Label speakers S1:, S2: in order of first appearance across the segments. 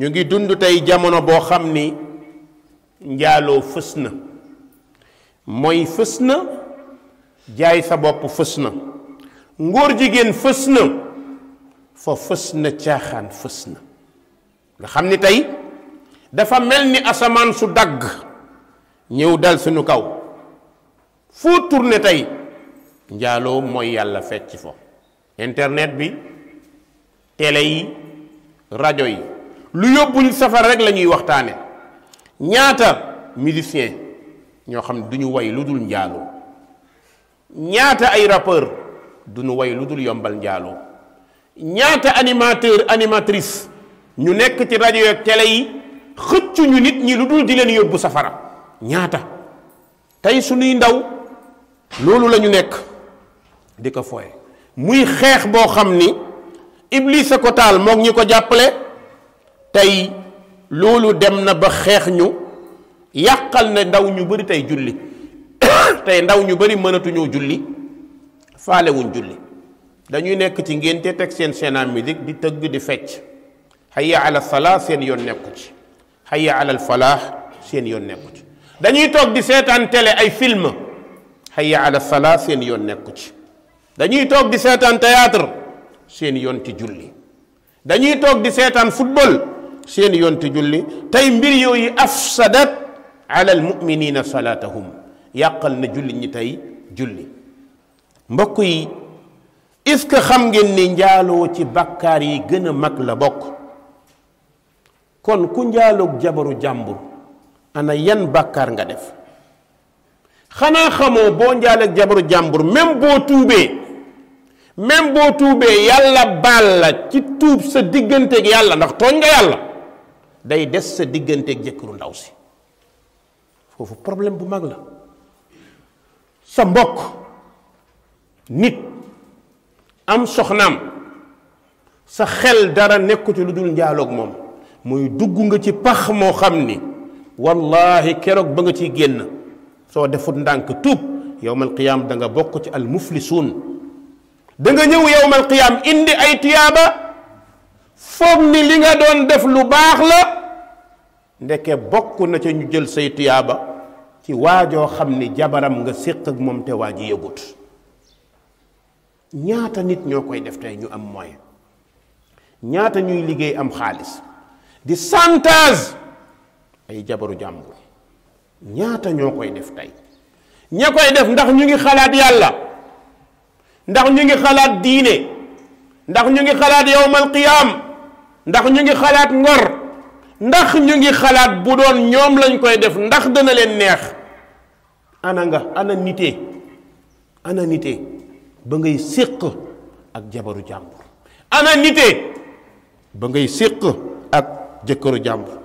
S1: ñu ngi dund tey jamono boo xam ni njaaloo fës na mooy fës na jaay sa bopp fës na ngóor jigéen fës na fa fës na caaxaan fës na nga xam ni tey dafa mel ni asamaan su dagg ñëw dal suñu kaw foo tourné tey njaaloo mooy yàlla fecc fo internet bi télé yi rajo yi lu yóbbu nit safara rek la waxtaane ñaata musicien ñoo xam ne duñu ñu lu dul njaaloo ñaata ay rappeur du woy lu dul yombal njaaloo ñaata animateur animatrice ñu nekk ci rajo ak télé yi xëccuñu nit ñi lu dul di leen yóbbu safara ñaata tey suñuy ndaw loolu la ñu nekk di ko fooye muy xeex boo xam ni Iblis a ko taal moog ñi ko jàppale tey loolu dem na ba xeex ñu yàqal na ndaw ñu bari tey julli tey ndaw ñu bari mënatuñoo julli faalewuñ julli dañuy nekk ci ngénte teg seen seenaa musique di tëgg di fecc hayya ala salaa seen yoon nekku ci hayya ala seen yoon nekku dañuy toog di seetaan télé ay film hayya ala salaa seen yoon nekku ci dañuy toog di seetaan théâtre seen yoon ci julli dañuy toog di seetaan football seen yonti julli tey mbir yooyu afsadat ala almuminina salaatahum yàqal na julli ñi tey julli mbokk yi est-ce que xam ngeen ni njaaloo ci bàkkaar yi gën a mag la bokk kon ku njaaloog jabaru jàmbur ana yan bàkkaar nga def xanaa xamoo boo njaaleeg jabaru jàmbur même boo tuubee même boo tuubee yàlla baal la ci tuub sa digganteeg yàlla ndax tooñ nga yàlla day des sa digganteek jëkkëru ndaw si foofu problème bu mag la sa mbokk nit am soxnaam sa xel dara nekku ci lu dul njaaloog moom muy dugg nga ci pax moo xam ni wallahi keroog ba nga ciy génn soo defut ndànk tuub yowmal qiyaam da nga bokk ci al muflisuun da ñëw yowmal qiyaam indi ay tiyaaba foog ni li nga doon def lu baax la ndeke bokk na ca ñu jël say tuyaaba ci waajoo xam ni jabaram nga séq ak moom te waa ji yëgut ñaata nit ñoo koy def tey ñu am moyen ñaata ñuy liggéey am xaalis di santage ay jabaru jàmbur ñaata ñoo koy def tey ña koy def ndax ñu ngi xalaat yàlla ndax ñu ngi xalaat diine ndax ñu ngi xalaat yowmal qiyaam ndax ñu ngi xalaat ngor ndax ñu ngi xalaat bu doon ñoom lañu koy def ndax dana leen neex ana nga ana nitee ana nitee ba ngay séq ak jabaru jàmbur ana nitee ba ngay séq ak jëkkëru jàmbur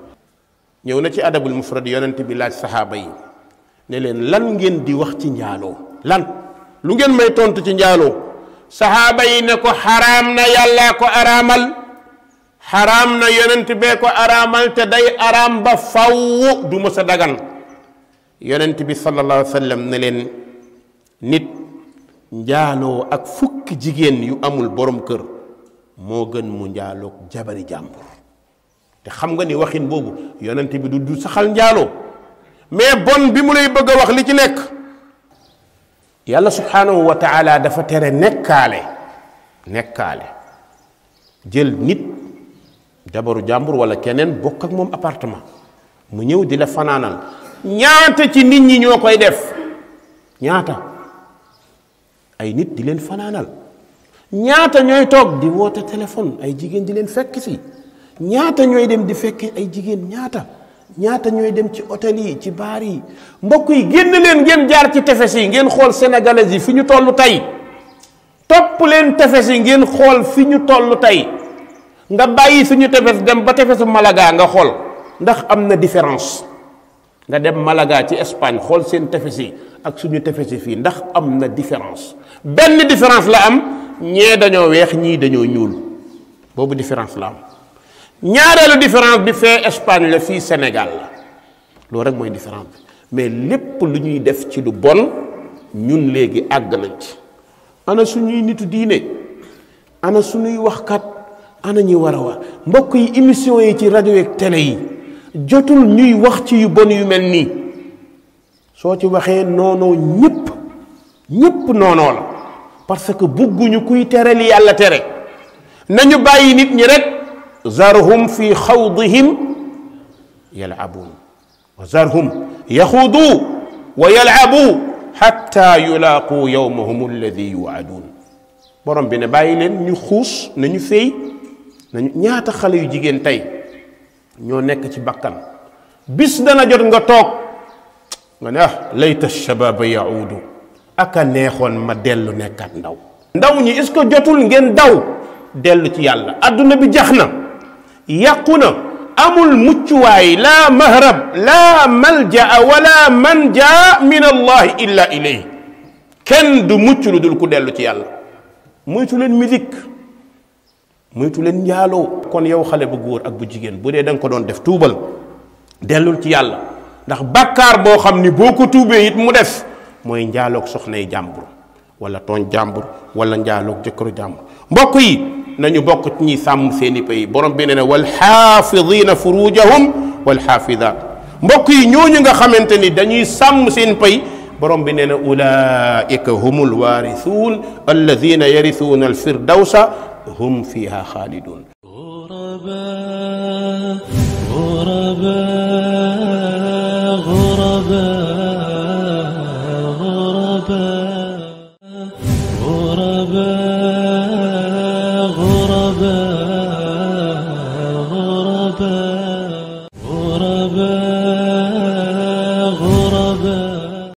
S1: ñëw na ci adabul mufrad yonant bi laaj saxaaba yi ne leen lan ngeen di wax ci njaaloo lan lu ngeen may tontu ci njaaloo saxaaba yi ne ko xaraam na yàllaa ko araamal xaraam na yonent bee ko araamal te day araam ba faw du mës a dagan yonent bi sallallahu alayhi wa sallam ne leen nit njaaloo ak fukki jigéen yu amul boroom kër moo gën mu njaaloog jabari jàmbur te xam nga ni waxin boobu yonent bi du du saxal njaaloo mais bon bi mu lay bëgg a wax li ci nekk yàlla subhaanahu wa taala dafa tere nekkaale nekkaale jël nit jabaru jàmbur wala keneen bokk ak moom apartement mu ñëw di la fanaanal ñaata ci nit ñi ñoo koy def ñaata ay nit di leen fanaanal ñaata ñooy toog di woote téléphone ay jigéen di leen fekk si ñaata ñooy dem di fekk ay jigéen ñaata ñaata ñooy dem ci hôtel yi ci baar yi mbokk yi génn leen ngeen jaar ci tefes yi ngeen xool sénégalais yi fi ñu toll tey topp leen tefes yi ngeen xool fi ñu toll tey nga bàyyi suñu tefes dem ba tefesu Malaga nga xool ndax am na différence nga dem Malaga ci Espagne xool seen tefes yi ak suñu tefes fii ndax am na différence benn différence la am ñee dañoo weex ñii dañoo ñuul boobu différence la am ñaareelu différence bi fee Espagne la fii Sénégal la loolu rek mooy différence bi mais lépp lu ñuy def ci lu bon ñun léegi àgg nañ ci ana suñuy nitu diine ana suñuy waxkat ana ñi war a wax mbokk yi émission yi ci rajo yeeg télé yi jotul ñuy wax ci yu bon yu mel nii soo ci waxee noonoo ñëpp ñëpp noonoo la parce que bugguñu kuy tere li yàlla tere nañu bàyyi nit ñi rek zarhum fi xawdihim yalabuun wa zarhum yaxudu wa yalabu xatta yulaaqu yowmahum alladi yuwaaduun borom bi ne bàyyi leen ñu xuus nañu fay nañu ñaata xale yu jigéen tey ñoo nekk ci bakkan bis dana jot nga toog nga ne ah layta shabaaba yaudu aka neexoon ma dellu nekkaat ndaw ndaw ñi est-ce que jotul ngeen daw dellu ci yàlla àdduna bi jax na yàqu na amul muccuwaay laa mahrab laa maljaa wala manjaa min allahi illa ilayhi kenn du mucc lu dul ku dellu ci yàlla moytu leen musique muytu leen njaaloo kon yow xale bu góor ak bu jigéen bu dee da nga ko doon def tuubal dellul ci yàlla ndax bàkkaar boo xam ni boo ko tuubee it mu def mooy njaaloog soxnay jàmbur wala tooñ jàmbur wala njaaloog jëkkëru jàmbur mbokk yi nañu bokk ñi sàmm seeni pay borom bi ne ne wal xaafidina furujahum wal xaafidaat mbokk yi ñooñu nga xamante ni dañuy sàmm seen pay borom bi nee na ulaika humul waarisuun alladina yarisuuna alfirdawsa hum fiha xaalidun غرباء غرباء غرباء غرباء غرباء